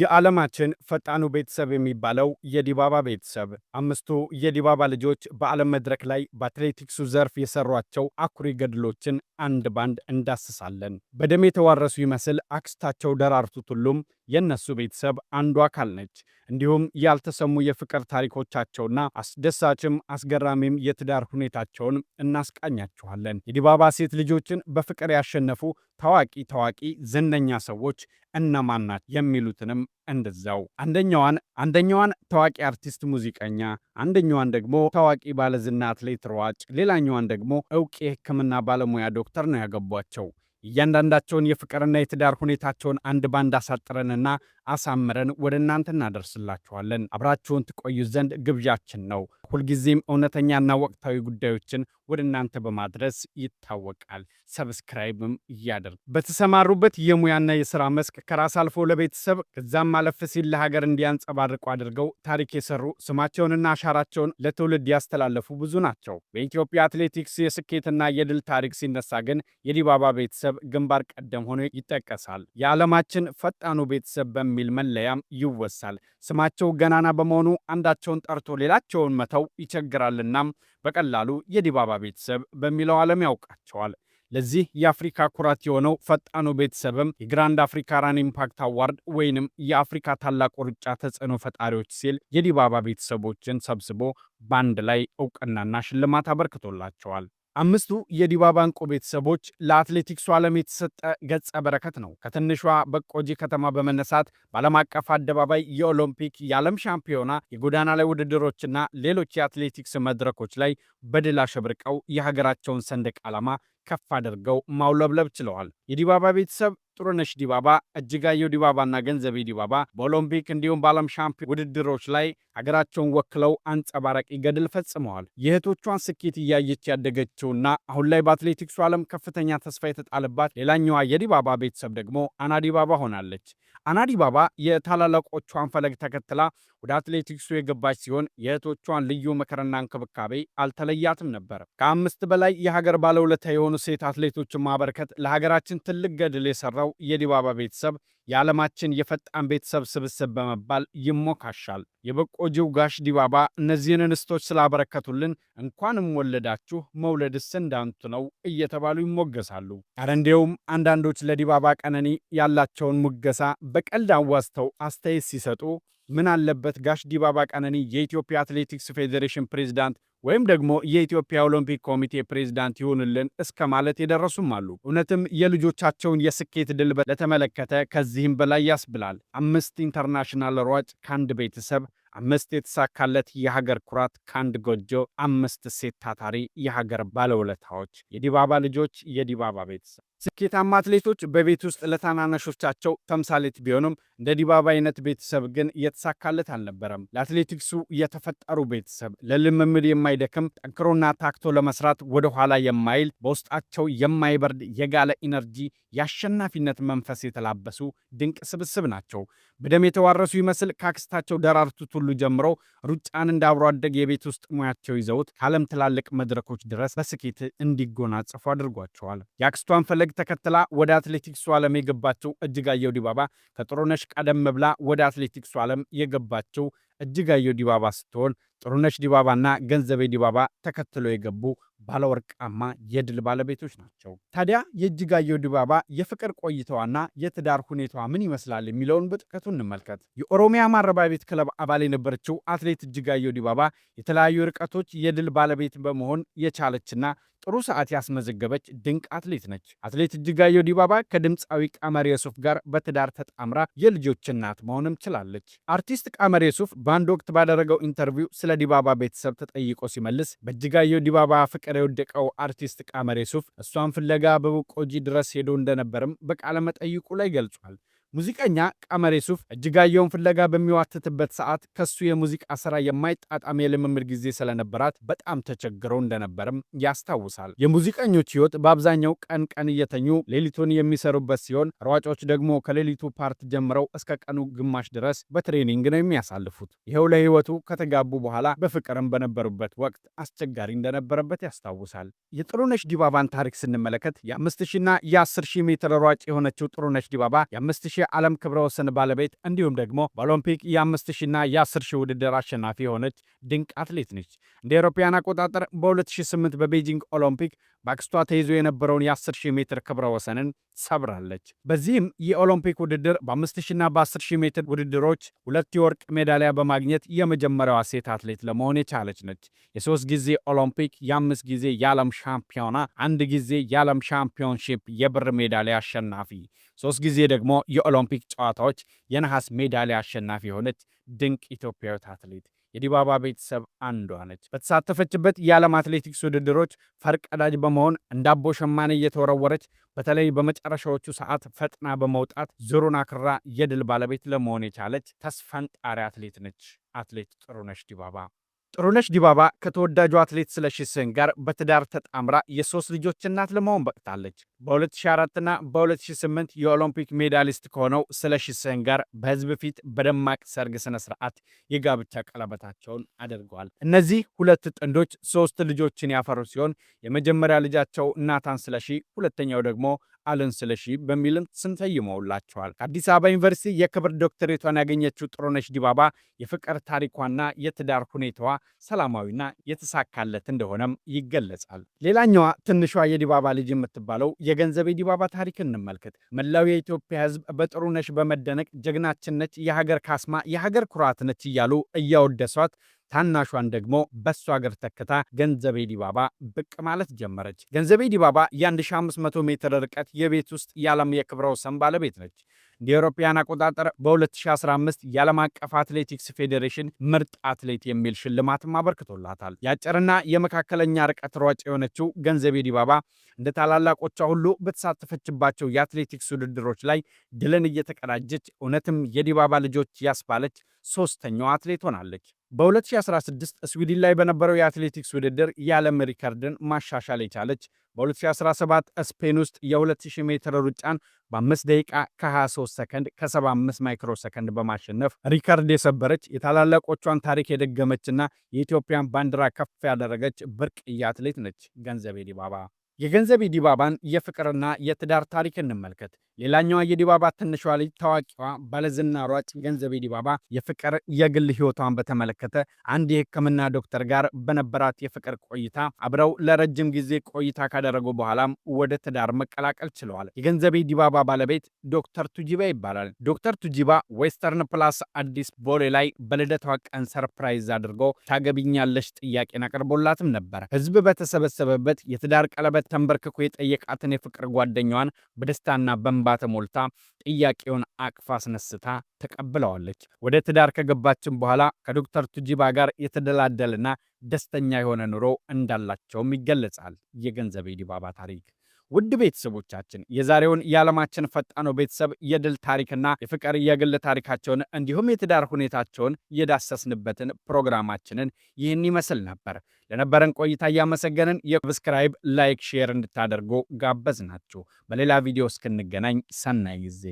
የዓለማችን ፈጣኑ ቤተሰብ የሚባለው የዲባባ ቤተሰብ አምስቱ የዲባባ ልጆች በዓለም መድረክ ላይ በአትሌቲክሱ ዘርፍ የሰሯቸው አኩሪ ገድሎችን አንድ ባንድ እንዳስሳለን። በደም የተዋረሱ ይመስል አክስታቸው ደራርቱ ቱሉም የእነሱ ቤተሰብ አንዱ አካል ነች። እንዲሁም ያልተሰሙ የፍቅር ታሪኮቻቸውና አስደሳችም አስገራሚም የትዳር ሁኔታቸውን እናስቃኛችኋለን። የዲባባ ሴት ልጆችን በፍቅር ያሸነፉ ታዋቂ ታዋቂ ዝነኛ ሰዎች እነማን ናቸው የሚሉትንም እንደዛው አንደኛዋን አንደኛዋን ታዋቂ አርቲስት ሙዚቀኛ፣ አንደኛዋን ደግሞ ታዋቂ ባለዝና አትሌት ሯጭ፣ ሌላኛዋን ደግሞ እውቅ የሕክምና ባለሙያ ዶክተር ነው ያገቧቸው። እያንዳንዳቸውን የፍቅርና የትዳር ሁኔታቸውን አንድ ባንድ አሳጥረንና አሳምረን ወደ እናንተ እናደርስላችኋለን። አብራችሁን ትቆዩ ዘንድ ግብዣችን ነው። ሁልጊዜም እውነተኛና ወቅታዊ ጉዳዮችን ወደ እናንተ በማድረስ ይታወቃል። ሰብስክራይብም እያደርግ በተሰማሩበት የሙያና የሥራ መስክ ከራስ አልፎ ለቤተሰብ ከዛም አለፍ ሲል ለሀገር እንዲያንጸባርቁ አድርገው ታሪክ የሰሩ ስማቸውንና አሻራቸውን ለትውልድ ያስተላለፉ ብዙ ናቸው። በኢትዮጵያ አትሌቲክስ የስኬትና የድል ታሪክ ሲነሳ ግን የዲባባ ቤተሰብ ግንባር ቀደም ሆኖ ይጠቀሳል። የዓለማችን ፈጣኑ ቤተሰብ በሚ በሚል መለያም ይወሳል። ስማቸው ገናና በመሆኑ አንዳቸውን ጠርቶ ሌላቸውን መተው ይቸግራልና በቀላሉ የዲባባ ቤተሰብ በሚለው ዓለም ያውቃቸዋል። ለዚህ የአፍሪካ ኩራት የሆነው ፈጣኑ ቤተሰብም የግራንድ አፍሪካ ራን ኢምፓክት አዋርድ ወይንም የአፍሪካ ታላቁ ሩጫ ተጽዕኖ ፈጣሪዎች ሲል የዲባባ ቤተሰቦችን ሰብስቦ በአንድ ላይ እውቅናና ሽልማት አበርክቶላቸዋል። አምስቱ የዲባባ እንቁ ቤተሰቦች ለአትሌቲክሱ ዓለም የተሰጠ ገጸ በረከት ነው። ከትንሿ በቆጂ ከተማ በመነሳት በዓለም አቀፍ አደባባይ የኦሎምፒክ፣ የዓለም ሻምፒዮና፣ የጎዳና ላይ ውድድሮችና ሌሎች የአትሌቲክስ መድረኮች ላይ በድል አሸብርቀው የሀገራቸውን ሰንደቅ ዓላማ ከፍ አድርገው ማውለብለብ ችለዋል። የዲባባ ቤተሰብ ጥሩነሽ ዲባባ፣ እጅጋየሁ ዲባባና ገንዘቤ ዲባባ በኦሎምፒክ እንዲሁም በዓለም ሻምፒዮን ውድድሮች ላይ አገራቸውን ወክለው አንጸባራቂ ገድል ፈጽመዋል። የእህቶቿን ስኬት እያየች ያደገችውና አሁን ላይ በአትሌቲክሱ ዓለም ከፍተኛ ተስፋ የተጣለባት ሌላኛዋ የዲባባ ቤተሰብ ደግሞ አና ዲባባ ሆናለች። አናዲባባ የታላላቆቿን ፈለግ ተከትላ ወደ አትሌቲክሱ የገባች ሲሆን የእህቶቿን ልዩ ምክርና እንክብካቤ አልተለያትም ነበር። ከአምስት በላይ የሀገር ባለውለታ የሆኑ ሴት አትሌቶችን ማበርከት ለሀገራችን ትልቅ ገድል የሰራው የዲባባ ቤተሰብ የዓለማችን የፈጣን ቤተሰብ ስብስብ በመባል ይሞካሻል። የበቆጂው ጋሽ ዲባባ እነዚህን እንስቶች ስላበረከቱልን እንኳንም ወለዳችሁ መውለድስ እንዳንቱ ነው እየተባሉ ይሞገሳሉ። አረ እንዲያውም አንዳንዶች ለዲባባ ቀነኒ ያላቸውን ሙገሳ በቀልድ አዋዝተው አስተያየት ሲሰጡ ምን አለበት ጋሽ ዲባባ ቀነኒ የኢትዮጵያ አትሌቲክስ ፌዴሬሽን ፕሬዚዳንት ወይም ደግሞ የኢትዮጵያ ኦሎምፒክ ኮሚቴ ፕሬዝዳንት ይሁንልን እስከ ማለት የደረሱም አሉ። እውነትም የልጆቻቸውን የስኬት ድል ለተመለከተ ከዚህም በላይ ያስብላል። አምስት ኢንተርናሽናል ሯጭ ከአንድ ቤተሰብ አምስት የተሳካለት የሀገር ኩራት ከአንድ ጎጆ፣ አምስት ሴት ታታሪ የሀገር ባለውለታዎች፣ የዲባባ ልጆች፣ የዲባባ ቤተሰብ ስኬታማ አትሌቶች በቤት ውስጥ ለታናናሾቻቸው ተምሳሌት ቢሆኑም እንደ ዲባባ አይነት ቤተሰብ ግን እየተሳካለት አልነበረም። ለአትሌቲክሱ የተፈጠሩ ቤተሰብ ለልምምድ የማይደክም ጠንክሮና ታክቶ ለመስራት ወደኋላ የማይል በውስጣቸው የማይበርድ የጋለ ኢነርጂ፣ የአሸናፊነት መንፈስ የተላበሱ ድንቅ ስብስብ ናቸው። በደም የተዋረሱ ይመስል ካክስታቸው ደራርቱ ቱሉ ጀምሮ ሩጫን እንደ አብሮ አደግ የቤት ውስጥ ሙያቸው ይዘውት ከዓለም ትላልቅ መድረኮች ድረስ በስኬት እንዲጎናጸፉ አድርጓቸዋል። የአክስቷን ፈለግ ተከትላ ወደ አትሌቲክሱ ዓለም የገባችው እጅጋየሁ ዲባባ ከጥሩነሽ ቀደም ብላ ወደ አትሌቲክሱ ዓለም የገባችው እጅጋየሁ ዲባባ ስትሆን ጥሩነሽ ዲባባና ገንዘቤ ዲባባ ተከትለው የገቡ ባለወርቃማ የድል ባለቤቶች ናቸው። ታዲያ የእጅጋየሁ ዲባባ የፍቅር ቆይታዋና የትዳር ሁኔታዋ ምን ይመስላል የሚለውን በጥቀቱ እንመልከት። የኦሮሚያ ማረባ ቤት ክለብ አባል የነበረችው አትሌት እጅጋየሁ ዲባባ የተለያዩ ርቀቶች የድል ባለቤት በመሆን የቻለችና ጥሩ ሰዓት ያስመዘገበች ድንቅ አትሌት ነች። አትሌት እጅጋየሁ ዲባባ ከድምፃዊ ቀመር የሱፍ ጋር በትዳር ተጣምራ የልጆች እናት መሆንም ችላለች። አርቲስት ቀመር የሱፍ በአንድ ወቅት ባደረገው ኢንተርቪው ስለ ስለ ዲባባ ቤተሰብ ተጠይቆ ሲመልስ በእጅጋየሁ ዲባባ ፍቅር የወደቀው አርቲስት ቃመሬ ሱፍ እሷን ፍለጋ በቦቆጂ ድረስ ሄዶ እንደነበርም በቃለመጠይቁ ላይ ገልጿል። ሙዚቀኛ ቀመር ሱፍ እጅጋየውን ፍለጋ በሚዋትትበት ሰዓት ከሱ የሙዚቃ ስራ የማይጣጣም የልምምድ ጊዜ ስለነበራት በጣም ተቸግረው እንደነበርም ያስታውሳል። የሙዚቀኞች ህይወት በአብዛኛው ቀን ቀን እየተኙ ሌሊቱን የሚሰሩበት ሲሆን፣ ሯጮች ደግሞ ከሌሊቱ ፓርት ጀምረው እስከ ቀኑ ግማሽ ድረስ በትሬኒንግ ነው የሚያሳልፉት። ይኸው ለህይወቱ ከተጋቡ በኋላ በፍቅርም በነበሩበት ወቅት አስቸጋሪ እንደነበረበት ያስታውሳል። የጥሩነሽ ዲባባን ታሪክ ስንመለከት የ5000ና የ10000 ሜትር ሯጭ የሆነችው ጥሩነሽ ዲባባ የ5000 ዓለም ክብረ ወሰን ባለቤት እንዲሁም ደግሞ በኦሎምፒክ የ5000ና የ10000 ውድድር አሸናፊ የሆነች ድንቅ አትሌት ነች። እንደ አውሮፓውያን አቆጣጠር በ2008 በቤጂንግ ኦሎምፒክ በአክስቷ ተይዞ የነበረውን የ10000 ሜትር ክብረ ወሰንን ሰብራለች። በዚህም የኦሎምፒክ ውድድር በ5000ና በ10000 ሜትር ውድድሮች ሁለት የወርቅ ሜዳሊያ በማግኘት የመጀመሪያዋ ሴት አትሌት ለመሆን የቻለች ነች። የሶስት ጊዜ ኦሎምፒክ፣ የአምስት ጊዜ የዓለም ሻምፒዮና፣ አንድ ጊዜ የዓለም ሻምፒዮንሺፕ የብር ሜዳሊያ አሸናፊ ሶስት ጊዜ ደግሞ የኦሎምፒክ ጨዋታዎች የነሐስ ሜዳሊያ አሸናፊ የሆነች ድንቅ ኢትዮጵያዊት አትሌት የዲባባ ቤተሰብ አንዷ ነች። በተሳተፈችበት የዓለም አትሌቲክስ ውድድሮች ፈርቀዳጅ በመሆን እንደ አቦ ሸማኔ እየተወረወረች በተለይ በመጨረሻዎቹ ሰዓት ፈጥና በመውጣት ዙሩን አክራ የድል ባለቤት ለመሆን የቻለች ተስፈንጣሪ አትሌት ነች አትሌት ጥሩነሽ ዲባባ። ጥሩነሽ ዲባባ ከተወዳጁ አትሌት ስለሺ ስህን ጋር በትዳር ተጣምራ የሶስት ልጆች እናት ለመሆን በቅታለች። በ2004 ና በ2008 የኦሎምፒክ ሜዳሊስት ከሆነው ስለሺ ስህን ጋር በህዝብ ፊት በደማቅ ሰርግ ስነ ስርዓት የጋብቻ ቀለበታቸውን አድርገዋል። እነዚህ ሁለት ጥንዶች ሶስት ልጆችን ያፈሩ ሲሆን የመጀመሪያ ልጃቸው ናታን ስለሺ፣ ሁለተኛው ደግሞ አለን ስለሺ በሚልም ስንሰይመውላቸዋል። ከአዲስ አበባ ዩኒቨርሲቲ የክብር ዶክተሬቷን ያገኘችው ጥሩነሽ ዲባባ የፍቅር ታሪኳና የትዳር ሁኔታዋ ሰላማዊና የተሳካለት እንደሆነም ይገለጻል። ሌላኛዋ ትንሿ የዲባባ ልጅ የምትባለው የገንዘቤ ዲባባ ታሪክ እንመልከት። መላው የኢትዮጵያ ሕዝብ በጥሩነሽ በመደነቅ ጀግናችን ነች፣ የሀገር ካስማ፣ የሀገር ኩራት ነች እያሉ እያወደሷት ታናሿን ደግሞ በሱ አገር ተክታ ገንዘቤ ዲባባ ብቅ ማለት ጀመረች። ገንዘቤ ዲባባ የ1500 ሜትር ርቀት የቤት ውስጥ የዓለም የክብረ ወሰን ባለቤት ነች። እንደ አውሮፓውያን አቆጣጠር በ2015 የዓለም አቀፍ አትሌቲክስ ፌዴሬሽን ምርጥ አትሌት የሚል ሽልማትም አበርክቶላታል። የአጭርና የመካከለኛ ርቀት ሯጭ የሆነችው ገንዘቤ ዲባባ እንደ ታላላቆቿ ሁሉ በተሳተፈችባቸው የአትሌቲክስ ውድድሮች ላይ ድልን እየተቀዳጀች እውነትም የዲባባ ልጆች ያስባለች ሶስተኛዋ አትሌት ሆናለች። በ2016 ስዊድን ላይ በነበረው የአትሌቲክስ ውድድር የዓለም ሪከርድን ማሻሻል የቻለች፣ በ2017 ስፔን ውስጥ የ2000 ሜትር ሩጫን በ5 ደቂቃ ከ23 ሰከንድ ከ75 ማይክሮ ሰከንድ በማሸነፍ ሪከርድ የሰበረች የታላላቆቿን ታሪክ የደገመችና የኢትዮጵያን ባንዲራ ከፍ ያደረገች ብርቅዬ አትሌት ነች ገንዘቤ ዲባባ። የገንዘቤ ዲባባን የፍቅርና የትዳር ታሪክ እንመልከት። ሌላኛዋ የዲባባ ትንሿ ልጅ ታዋቂዋ ባለዝና ሯጭ ገንዘቤ ዲባባ የፍቅር የግል ህይወቷን በተመለከተ አንድ የህክምና ዶክተር ጋር በነበራት የፍቅር ቆይታ አብረው ለረጅም ጊዜ ቆይታ ካደረጉ በኋላም ወደ ትዳር መቀላቀል ችለዋል። የገንዘቤ ዲባባ ባለቤት ዶክተር ቱጂባ ይባላል። ዶክተር ቱጂባ ዌስተርን ፕላስ አዲስ ቦሌ ላይ በልደቷ ቀን ሰርፕራይዝ አድርጎ ታገቢኛለሽ ጥያቄን አቅርቦላትም ነበር። ህዝብ በተሰበሰበበት የትዳር ቀለበት ተንበርክኮ የጠየቃትን የፍቅር ጓደኛዋን በደስታና በ በእንባ ተሞልታ ጥያቄውን አቅፋ አስነስታ ተቀብለዋለች። ወደ ትዳር ከገባችን በኋላ ከዶክተር ቱጂባ ጋር የተደላደልና ደስተኛ የሆነ ኑሮ እንዳላቸውም ይገለጻል። የገንዘቤ ዲባባ ታሪክ ውድ ቤተሰቦቻችን የዛሬውን የዓለማችን ፈጣኑ ቤተሰብ የድል ታሪክና የፍቅር የግል ታሪካቸውን እንዲሁም የትዳር ሁኔታቸውን የዳሰስንበትን ፕሮግራማችንን ይህን ይመስል ነበር። ለነበረን ቆይታ እያመሰገንን የብስክራይብ ላይክ፣ ሼር እንድታደርጉ ጋበዝ ናችሁ። በሌላ ቪዲዮ እስክንገናኝ ሰናይ ጊዜ